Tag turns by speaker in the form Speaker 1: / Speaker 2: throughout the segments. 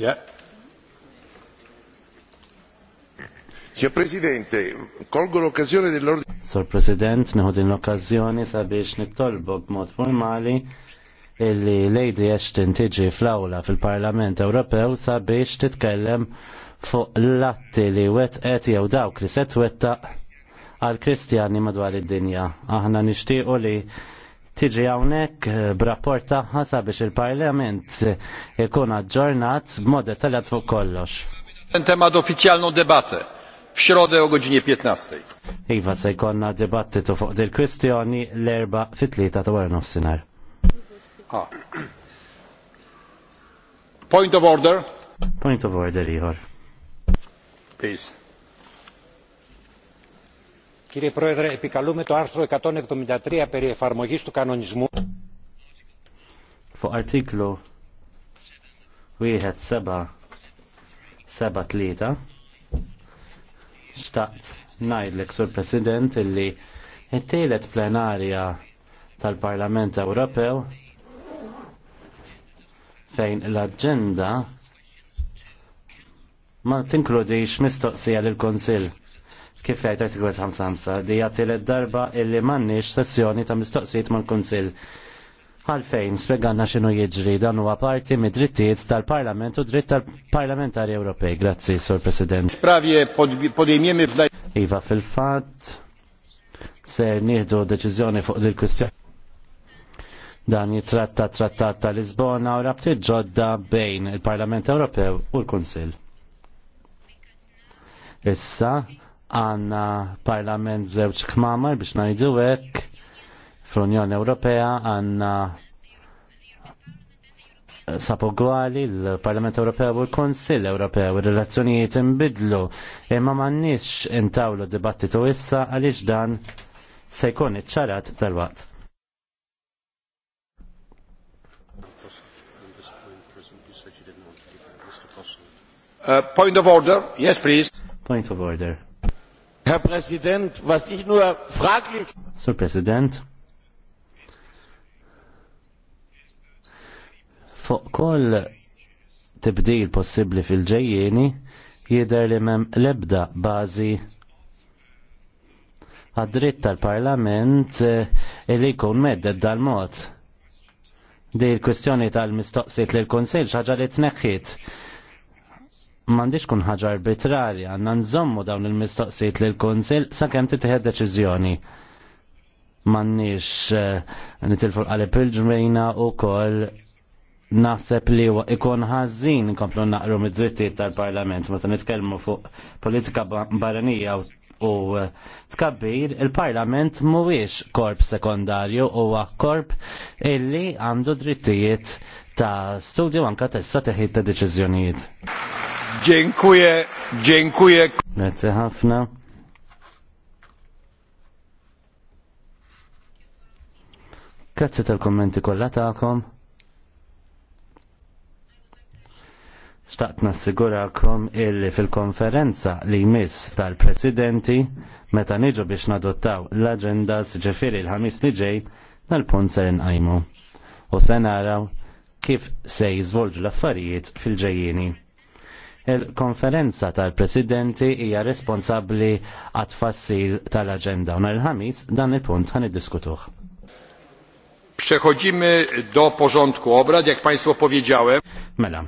Speaker 1: Yeah. Signor Presidente, colgo l'occasione dell'ordine. Sor President, neħu din l-okkazjoni sabiex nittolbu b'mod formali illi Lady Ashton tiġi fl-awla fil-Parlament Ewropew sabiex titkellem fuq l-atti li wetqet jew dawk li set wetta għal Kristjani madwar id-dinja. Aħna nixtiequ li tiġi għawnek eh, b'rapport tagħha sabiex il-Parlament eh, ikun aġġornat b'mod dettaljat fuq kollox.
Speaker 2: Ten temat uffiċjalną debatę f'xrode u o 15.
Speaker 1: Iva se jkonna dibattitu fuq dil kwistjoni l-erba fit-tlieta ta' wara nofsinhar.
Speaker 2: Point of order.
Speaker 1: Point of order, Ihor.
Speaker 2: Peace. Κύριε Πρόεδρε, επικαλούμε το άρθρο 173 περί εφαρμογής του κανονισμού.
Speaker 1: xtaqt ngħidlek sur President illi it-tielet plenarja tal-Parlament Ewropew fejn l-aġenda ma tinkludix mistoqsija lill kunsill kif għajt artiklu 55 Di għatil darba illi mannix sessjoni ta' mistoqsijiet mal kunsil Għalfejn, speganna xinu jiġri dan huwa parti mid drittijiet tal-Parlament u dritt tal-Parlamentari Ewropej. Grazzi, Sur President.
Speaker 2: Spravje podejmiemi f'daj.
Speaker 1: Iva fil-fat, ser nieħdu deċiżjoni fuq dil kwistjoni Dan jitratta trattat tal-Lisbona u rabti ġodda bejn il-Parlament Ewropew u l-Kunsil. Issa, għanna parlament zewċ kmamar biex najdu hekk fl-Unjoni Ewropea għanna għali l-Parlament Ewropea u l-Konsil Ewropea u relazzjonijiet imbidlu imma ma nix intawlu dibattitu issa għalix dan se jkun iċċarat tal-waqt.
Speaker 2: Uh, point of order, yes please.
Speaker 1: Point of order.
Speaker 2: Herr Präsident, was ich nur fraglich.
Speaker 1: President. Fuq koll tibdil possibbli fil-ġejjeni jidher li mem lebda bażi għad-dritt tal-Parlament eh, li jkun medded dal-mod. Di l-kwestjoni tal-mistoqsit li l-Konsil xaġa li t-neħħit mandiġ kun ħaġa arbitrarja, nanżommu nżommu dawn il-mistoqsijiet li l-Konsil sakemm titħed deċiżjoni. Mandiġ eh, nitilfu l-qalib il-ġmejna u kol naħseb li ikon ħażin komplu naqru mid-drittijiet tal-Parlament, meta nitkellmu fuq politika barranija u eh, tkabbir, il-Parlament mhuwiex korp sekondarju huwa korp illi għandu drittijiet ta' studju anka tessa teħid ta' deċiżjonijiet.
Speaker 2: Dziękuję, dziękuję.
Speaker 1: Grazie ħafna. Grazie tal-kommenti kollha tagħkom. Staqt nassigurakom illi fil-konferenza li jmiss tal-presidenti meta niġu biex nadottaw l-agenda ġifiri l-ħamis li ġej tal-punt se nqajmu. U se naraw kif se jiżvolġu l-affarijiet fil-ġejjini. Il-konferenza tal-presidenti hija responsabbli għat fassil tal-agenda. Unar il-ħamis dan il-punt id diskutuħ
Speaker 2: Przechodzimy do porządku obrad, jak Państwo powiedziałem.
Speaker 1: Mela.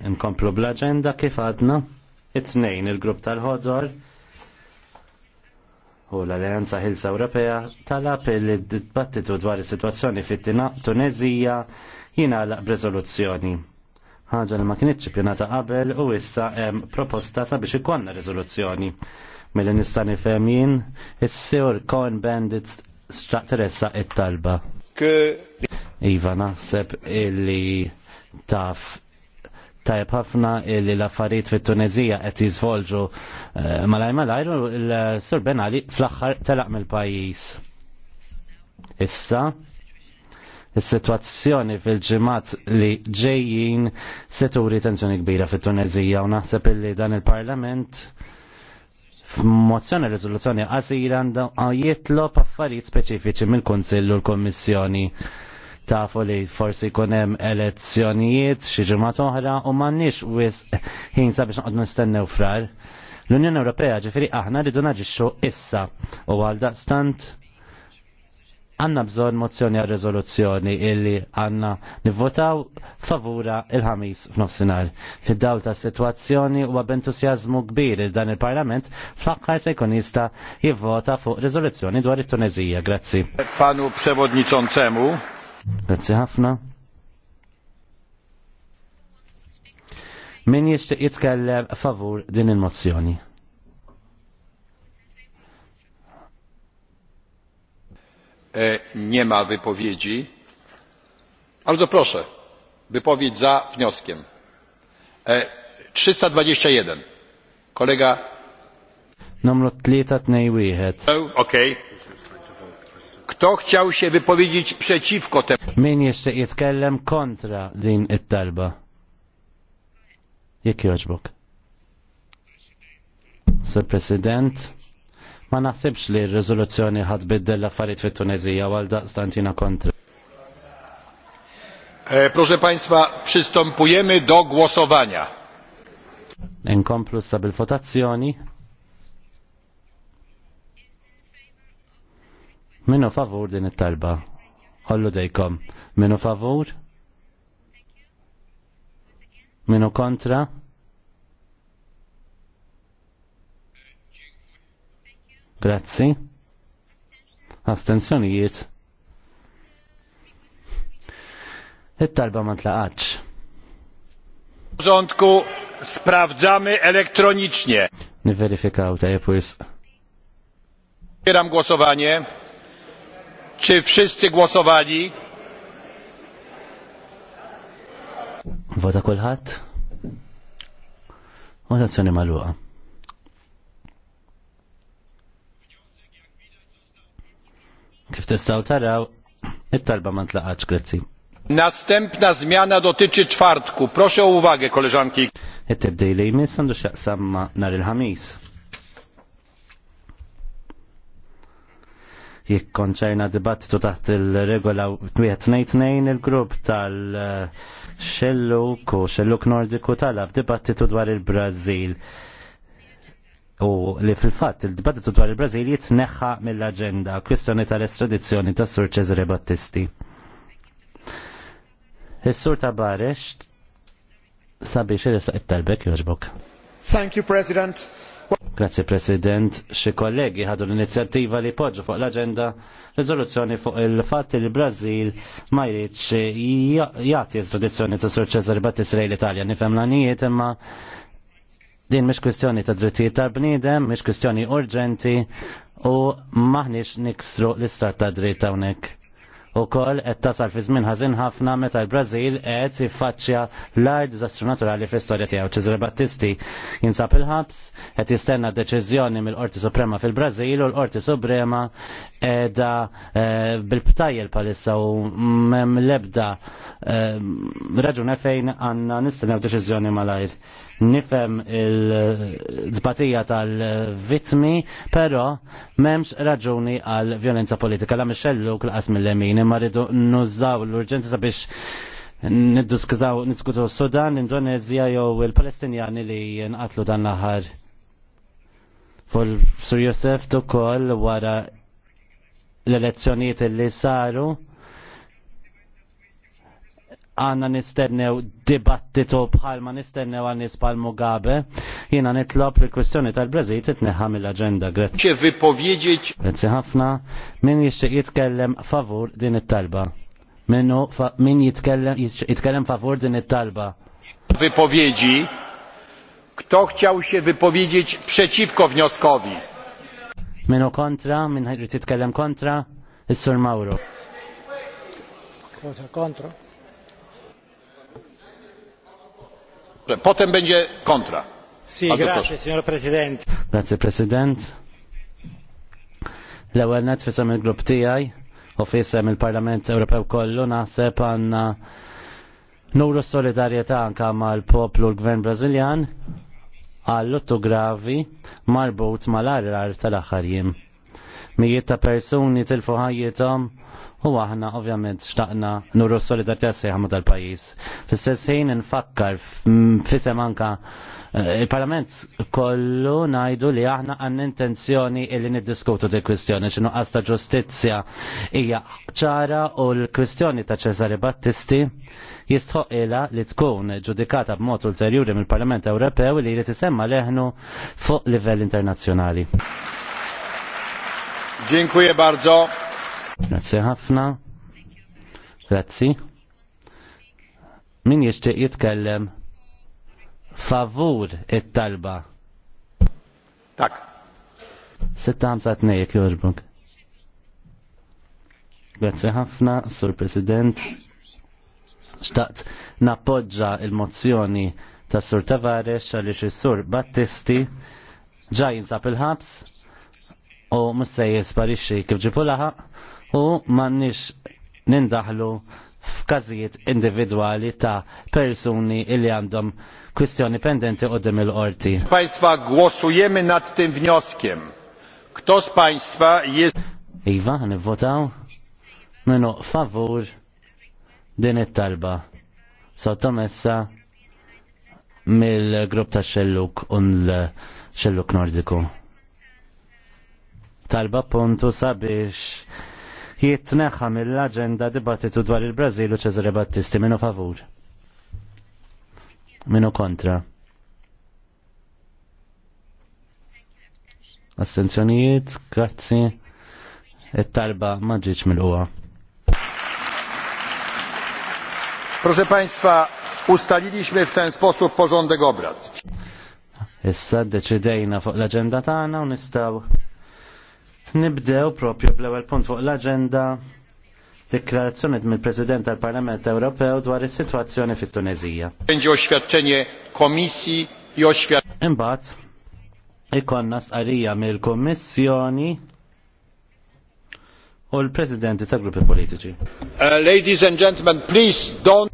Speaker 1: Nkomplu bl-agenda kif għadna. It-tnejn il-grupp tal-ħodżor u l-Alleanza Hilsa Ewropea talab il-dibattitu dwar is-sitwazzjoni fit-Tunezija jingħalaq b'riżoluzzjoni ħaġa li ma kienitx pjanata qabel u issa hemm proposta sabiex ikonna riżoluzzjoni. Mill-li nista' nifhem jien, is-sur Cohen Bandits straq teressa it-talba. Iva naħseb illi taf tajb ħafna illi l-affarijiet fit-Tunezija qed jiżvolġu eh, malaj malajr l-Sur Benali fl-aħħar telaq mill-pajjiż. Issa Is-sitwazzjoni fil-ġimat li ġejjin se turi tensjoni kbira fit-Tunezija u naħseb illi dan il-Parlament f'mozzjoni riżoluzzjoni qasira jitlob affarijiet speċifiċi mill-Kunsill u l-Kommissjoni tafu li forsi kunem elezzjonijiet xi ġimgħat oħra u m'għandniex wis ħin sabiex noqgħod nistennew frar. L-Unjoni Ewropea ġifieri aħna rridu naġixxu issa u għaldaqstant għanna bżon mozzjoni għal rezoluzzjoni illi għanna nivvotaw favura il-ħamis f'nofsinhar. Fid-dawl ta' situazzjoni u b'entusjazmu kbir il dan il-Parlament fl-aħħar se jkun jista' jivvota fuq rezoluzzjoni dwar it-Tunezija. Grazzi.
Speaker 2: Panu Przewodniczącemu.
Speaker 1: Grazzi ħafna. Min jixtieq jitkellem favur din il-mozzjoni?
Speaker 2: E, nie ma wypowiedzi. Bardzo proszę, wypowiedź za wnioskiem. 321. E, Kolega.
Speaker 1: Numru 321.
Speaker 2: Okej. Kto chciał się wypowiedzieć przeciwko temu?
Speaker 1: Min jeszcze jitkellem kontra din it-talba. jaki oczbok Sir President. Ma naħsibx li r-riżoluzzjoni ħad biddel l-affarijiet fit-Tunezija għal daqstantina kontra.
Speaker 2: E, proszę Państwa, przystępujemy do głosowania.
Speaker 1: Inkomplu sabil votazzjoni. Minu favur din it-talba. Ollu dejkom. Minu favur? Minu kontra? Grazzi. Astenzjonijiet. It-talba ma tlaqax.
Speaker 2: Rządku sprawdzamy elektronicznie.
Speaker 1: Niweryfikaw tajep wisq.
Speaker 2: Otwieram głosowanie. Czy wszyscy głosowali?
Speaker 1: Vota kulħadd? Votazzjoni magħluqa. Kif tistgħu taraw, it-talba ma ntlaqatx, grazzi.
Speaker 2: Następna zmiana dotyczy czwartku. Proszę o uwagę, koleżanki.
Speaker 1: it li jmiss għandu xaqsam ma nar il-ħamis. konċajna dibattitu taħt il-regola 22 il-grupp tal-Xelluk u Xelluk Nordiku talab dibattitu dwar il-Brazil u li fil-fatt il-dibattitu dwar il-Brażil jitneħħa mill-aġenda kwistjoni tal-estradizzjoni ta' Sur Cesare Battisti. Is-Sur ta' Barex sabiex irresaq it-talbek joġbok. Thank you, President. Grazie President. Xi kollegi ħadu l-inizjattiva li poġġu fuq l-aġenda riżoluzzjoni fuq il-fatt li l-Brażil ma jridx jagħti estradizzjoni ta' Sur Cesare Battisti l-Italja nifhem l-anijiet imma Din mhix kwestjoni ta' drittijiet tal-bniedem, mhix kwistjoni urġenti u maħniex nikstru l-istat ta' dritt hawnhekk u kol qed tasal fi żmien ħażin ħafna meta l-Brażil qed jiffaċċja l-art disastru naturali fl-istorja tiegħu. Ċeżre Battisti jinsab il-ħabs, qed jistenna deċiżjoni mill-Qorti Suprema fil-Brażil u l-Qorti Suprema edha eh, bil-ptajjel palissa u mem lebda eh, raġuna fejn għanna nistennew deċiżjoni malajr. Nifem il-zbatija tal-vitmi, pero memx raġuni għal violenza politika. La Michelle Luk l-qas mill imma rridu nużaw l-urġenza sabiex niddiskużaw niskutu Sudan, Indonezja jew il-Palestinjani li nqatlu dan l-aħħar. Fol Sur Josef ukoll wara l-elezzjonijiet li saru għanna nistennew dibattitu bħalma nistennew għannis pal Mugabe, jina nitlop li kwestjoni tal-Brazil titneħam mill-agenda. Grazie.
Speaker 2: Grazie
Speaker 1: ħafna. Min jixtieq jitkellem favur din it-talba? Minnu min jitkellem jitkellem favur din it-talba?
Speaker 2: Vi Wypowiedzi. Kto chciał się wypowiedzieć przeciwko wnioskowi?
Speaker 1: Minu kontra, minn jitkellem kontra, is-Sur Mauro. Kontra.
Speaker 2: Potem będzie kontra.
Speaker 1: Si, grazie, signor
Speaker 2: President.
Speaker 1: Grazie, L-ewel net fisem il-grupp tijaj u fisem il-Parlament Ewropew kollu naħseb għanna nuru solidarieta anka mal-poplu l-Gvern Braziljan għall-luttu gravi marbut mal-arrar tal-axarjim. Mijiet ta' persuni tilfu ħajjithom U aħna ovvjament xtaqna nurru solidarità sejħa tal-pajis. Fis-sess ħin nfakkar fisem anka eh, il-Parlament kollu najdu li aħna għan intenzjoni illi niddiskutu di kwistjoni xinu għasta ġustizzja hija ċara u l-kwistjoni ta' Cesare Battisti jistħoq ila li tkun ġudikata b'mod ulterjuri mill-Parlament Ewropew li jrid isemma leħnu fuq livell internazzjonali.
Speaker 2: Dziękuję bardzo.
Speaker 1: Grazzi ħafna. Grazzi. Min jixtieq jitkellem favur it-talba? Tak. t-nejek, jorbok. Grazzi ħafna, Sur President. Xtaqt nappoġġa il-mozzjoni ta' Sur Tavares għaliex is-Sur Battisti ġaj jinsab il-ħabs u mussej se jisparixxi kif ġipu laħaq u m'għandniex nindaħlu f'każijiet individwali ta' persuni illi għandhom kwistjoni pendenti qudiem il-qorti.
Speaker 2: Państwa głosujemy nad tym wnioskiem. Kto z Państwa jest...
Speaker 1: Iva, nivvotaw? Minu favur din it-talba. Sottomessa mill-grupp ta' xelluk un l-xelluk nordiku. Talba puntu sabiex jitneħħa mill-agenda dibattitu dwar il-Brazil u Cesare Battisti minu favur. Minu kontra. Assenzjonijiet, grazzi. It-talba maġiċ mill-uwa.
Speaker 2: Proszę Państwa, ustaliliśmy w ten sposób porządek obrad.
Speaker 1: Issa deċidejna fuq l-agenda tagħna u nistgħu Nibdew propju bl-ewwel punt fuq l-aġenda deklarazzjoni mill-President tal-Parlament Ewropew dwar is-sitwazzjoni fit-Tunezija.
Speaker 2: Będzie oświadczenie komisji i oświadczenie. Imbagħad
Speaker 1: ikonna sqarija mill-Kommissjoni u l-Presidenti ta' gruppi politiċi.
Speaker 2: Uh, ladies and gentlemen, please don't